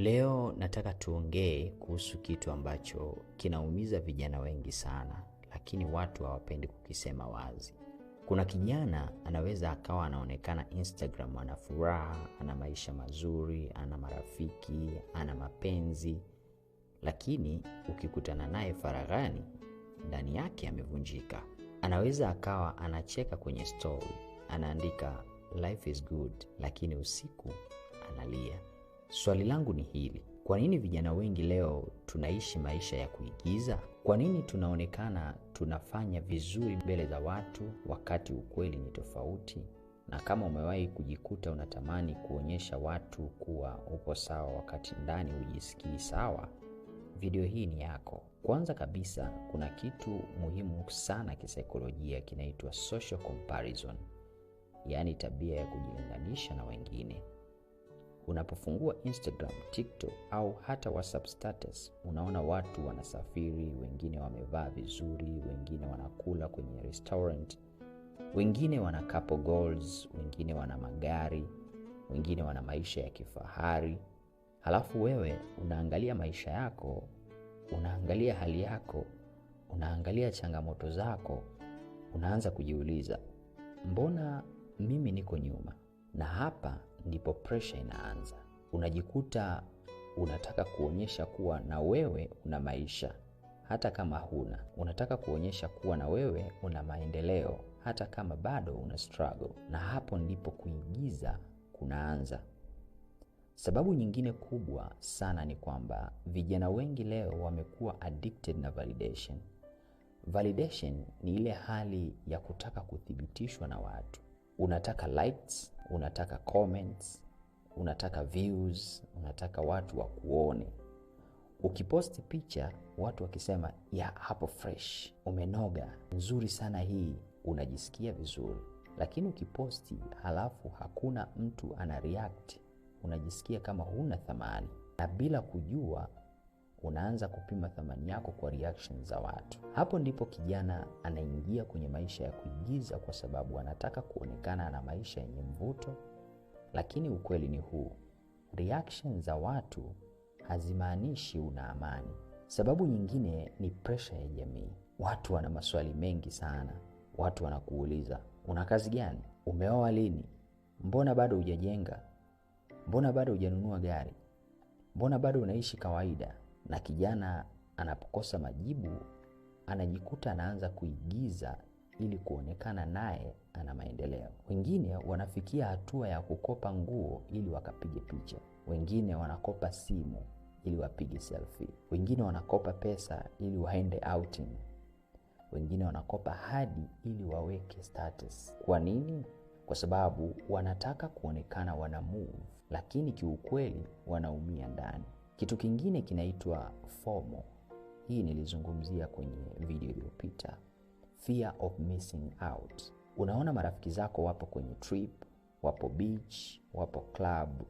Leo nataka tuongee kuhusu kitu ambacho kinaumiza vijana wengi sana, lakini watu hawapendi kukisema wazi. Kuna kijana anaweza akawa anaonekana Instagram, ana furaha, ana maisha mazuri, ana marafiki, ana mapenzi, lakini ukikutana naye faraghani, ndani yake amevunjika. Anaweza akawa anacheka kwenye story, anaandika life is good, lakini usiku analia. Swali langu ni hili, kwa nini vijana wengi leo tunaishi maisha ya kuigiza? Kwa nini tunaonekana tunafanya vizuri mbele za watu wakati ukweli ni tofauti? Na kama umewahi kujikuta unatamani kuonyesha watu kuwa upo sawa wakati ndani hujisikii sawa, video hii ni yako. Kwanza kabisa, kuna kitu muhimu sana kisaikolojia kinaitwa social comparison, yaani tabia ya kujilinganisha na wengine. Unapofungua Instagram, TikTok au hata WhatsApp status, unaona watu wanasafiri, wengine wamevaa vizuri, wengine wanakula kwenye restaurant, wengine wana couple goals, wengine wana magari, wengine wana maisha ya kifahari. Halafu wewe unaangalia maisha yako, unaangalia hali yako, unaangalia changamoto zako, unaanza kujiuliza, mbona mimi niko nyuma? Na hapa ndipo presha inaanza. Unajikuta unataka kuonyesha kuwa na wewe una maisha hata kama huna, unataka kuonyesha kuwa na wewe una maendeleo hata kama bado una struggle, na hapo ndipo kuigiza kunaanza. Sababu nyingine kubwa sana ni kwamba vijana wengi leo wamekuwa addicted na validation. Validation ni ile hali ya kutaka kuthibitishwa na watu. Unataka likes, unataka comments, unataka views, unataka watu wakuone. Ukiposti picha watu wakisema, ya hapo fresh, umenoga, nzuri sana hii, unajisikia vizuri. Lakini ukiposti halafu hakuna mtu ana react, unajisikia kama huna thamani, na bila kujua unaanza kupima thamani yako kwa reaction za watu. Hapo ndipo kijana anaingia kwenye maisha ya kuigiza, kwa sababu anataka kuonekana na maisha yenye mvuto, lakini ukweli ni huu: reaction za watu hazimaanishi una amani. Sababu nyingine ni presha ya jamii. Watu wana maswali mengi sana. Watu wanakuuliza una kazi gani? Umeoa lini? Mbona bado hujajenga? Mbona bado hujanunua gari? Mbona bado unaishi kawaida? na kijana anapokosa majibu anajikuta anaanza kuigiza ili kuonekana naye ana maendeleo. Wengine wanafikia hatua ya kukopa nguo ili wakapige picha, wengine wanakopa simu ili wapige selfie, wengine wanakopa pesa ili waende outing, wengine wanakopa hadi ili waweke status. Kwa nini? Kwa sababu wanataka kuonekana wana move, lakini kiukweli wanaumia ndani. Kitu kingine kinaitwa FOMO. Hii nilizungumzia kwenye video iliyopita, fear of missing out. Unaona marafiki zako wapo kwenye trip, wapo beach, wapo club,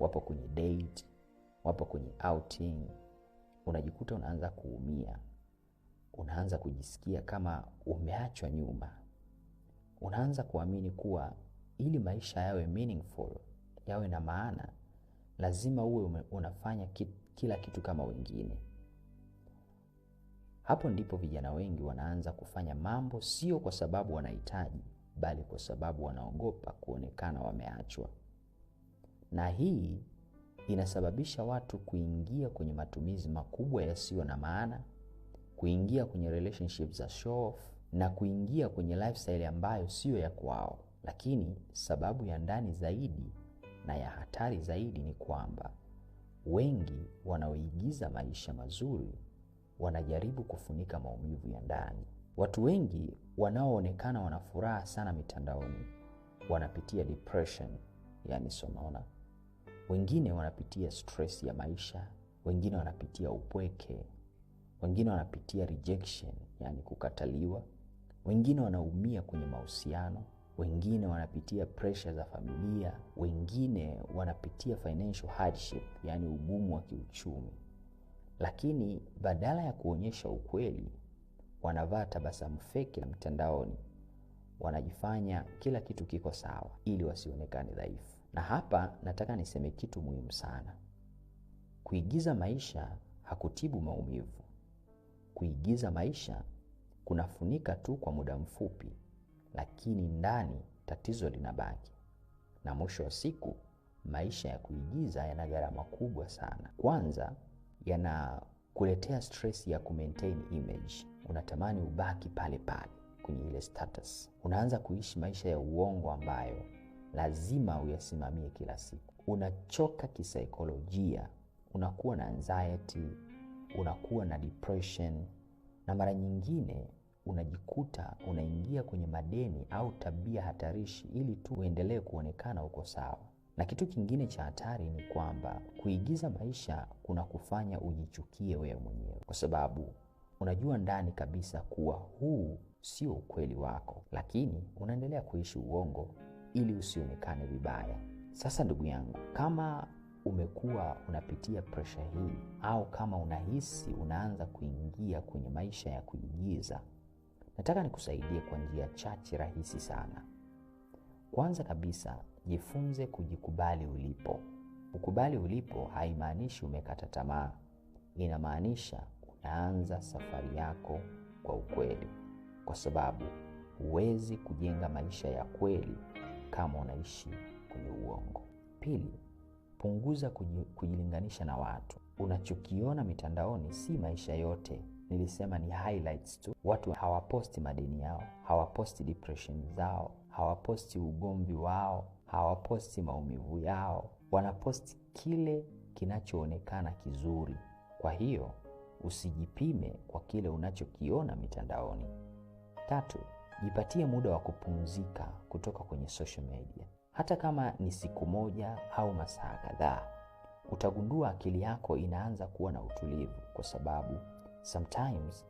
wapo kwenye date, wapo kwenye outing, unajikuta unaanza kuumia, unaanza kujisikia kama umeachwa nyuma, unaanza kuamini kuwa ili maisha yawe meaningful, yawe na maana lazima uwe unafanya kila kitu kama wengine. Hapo ndipo vijana wengi wanaanza kufanya mambo sio kwa sababu wanahitaji, bali kwa sababu wanaogopa kuonekana wameachwa, na hii inasababisha watu kuingia kwenye matumizi makubwa yasiyo na maana, kuingia kwenye relationship za show na kuingia kwenye lifestyle ambayo siyo ya kwao, lakini sababu ya ndani zaidi na ya hatari zaidi ni kwamba wengi wanaoigiza maisha mazuri wanajaribu kufunika maumivu ya ndani. Watu wengi wanaoonekana wana furaha sana mitandaoni wanapitia depression, yani sonona. Wengine wanapitia stress ya maisha, wengine wanapitia upweke, wengine wanapitia rejection, yani kukataliwa. Wengine wanaumia kwenye mahusiano, wengine wanapitia presha za familia, wengine wanapitia financial hardship, yani ugumu wa kiuchumi, lakini badala ya kuonyesha ukweli wanavaa tabasamu feki la mtandaoni, wanajifanya kila kitu kiko sawa ili wasionekane dhaifu. Na hapa nataka niseme kitu muhimu sana: kuigiza maisha hakutibu maumivu. Kuigiza maisha kunafunika tu kwa muda mfupi lakini ndani tatizo linabaki, na mwisho wa siku maisha ya kuigiza yana gharama kubwa sana. Kwanza yanakuletea stress ya kumaintain image, unatamani ubaki pale pale kwenye ile status. Unaanza kuishi maisha ya uongo ambayo lazima uyasimamie kila siku. Unachoka kisaikolojia, unakuwa na anxiety, unakuwa na depression na mara nyingine unajikuta unaingia kwenye madeni au tabia hatarishi ili tu uendelee kuonekana uko sawa. Na kitu kingine cha hatari ni kwamba kuigiza maisha kuna kufanya ujichukie wewe mwenyewe, kwa sababu unajua ndani kabisa kuwa huu sio ukweli wako, lakini unaendelea kuishi uongo ili usionekane vibaya. Sasa ndugu yangu, kama umekuwa unapitia presha hii au kama unahisi unaanza kuingia kwenye maisha ya kuigiza, Nataka nikusaidie kwa njia chache rahisi sana. Kwanza kabisa, jifunze kujikubali ulipo. Ukubali ulipo haimaanishi umekata tamaa, inamaanisha unaanza safari yako kwa ukweli, kwa sababu huwezi kujenga maisha ya kweli kama unaishi kwenye uongo. Pili, punguza kujilinganisha na watu. Unachokiona mitandaoni si maisha yote nilisema ni highlights tu. Watu hawaposti madeni yao, hawaposti depression zao, hawaposti ugomvi wao, hawaposti maumivu yao, wanaposti kile kinachoonekana kizuri. Kwa hiyo usijipime kwa kile unachokiona mitandaoni. Tatu, jipatie muda wa kupumzika kutoka kwenye social media, hata kama ni siku moja au masaa kadhaa. Utagundua akili yako inaanza kuwa na utulivu kwa sababu Sometimes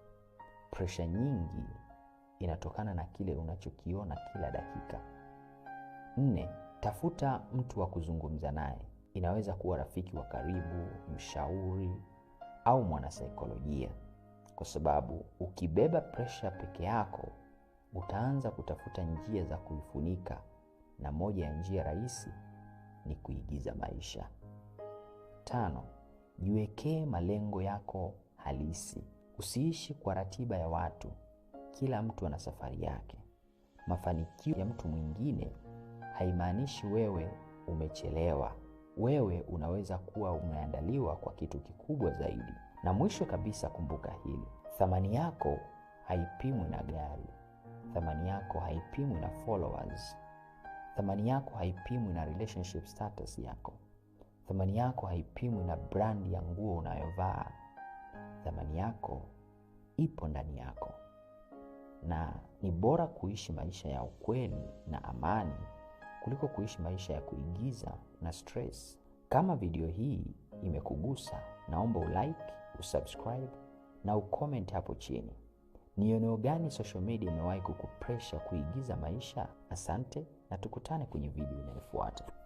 presha nyingi inatokana na kile unachokiona kila dakika. Nne, tafuta mtu wa kuzungumza naye. Inaweza kuwa rafiki wa karibu, mshauri au mwanasaikolojia, kwa sababu ukibeba presha peke yako utaanza kutafuta njia za kuifunika, na moja ya njia rahisi ni kuigiza maisha. Tano, jiwekee malengo yako halisi. Usiishi kwa ratiba ya watu. Kila mtu ana safari yake. Mafanikio ya mtu mwingine haimaanishi wewe umechelewa. Wewe unaweza kuwa umeandaliwa kwa kitu kikubwa zaidi. Na mwisho kabisa, kumbuka hili: thamani yako haipimwi na gari, thamani yako haipimwi na followers, thamani yako haipimwi na relationship status yako, thamani yako haipimwi na brand ya nguo unayovaa. Thamani yako ipo ndani yako, na ni bora kuishi maisha ya ukweli na amani kuliko kuishi maisha ya kuigiza na stress. Kama video hii imekugusa, naomba ulike, usubscribe na ucomment hapo chini. Ni eneo gani social media imewahi kukupresha kuigiza maisha? Asante na tukutane kwenye video inayofuata.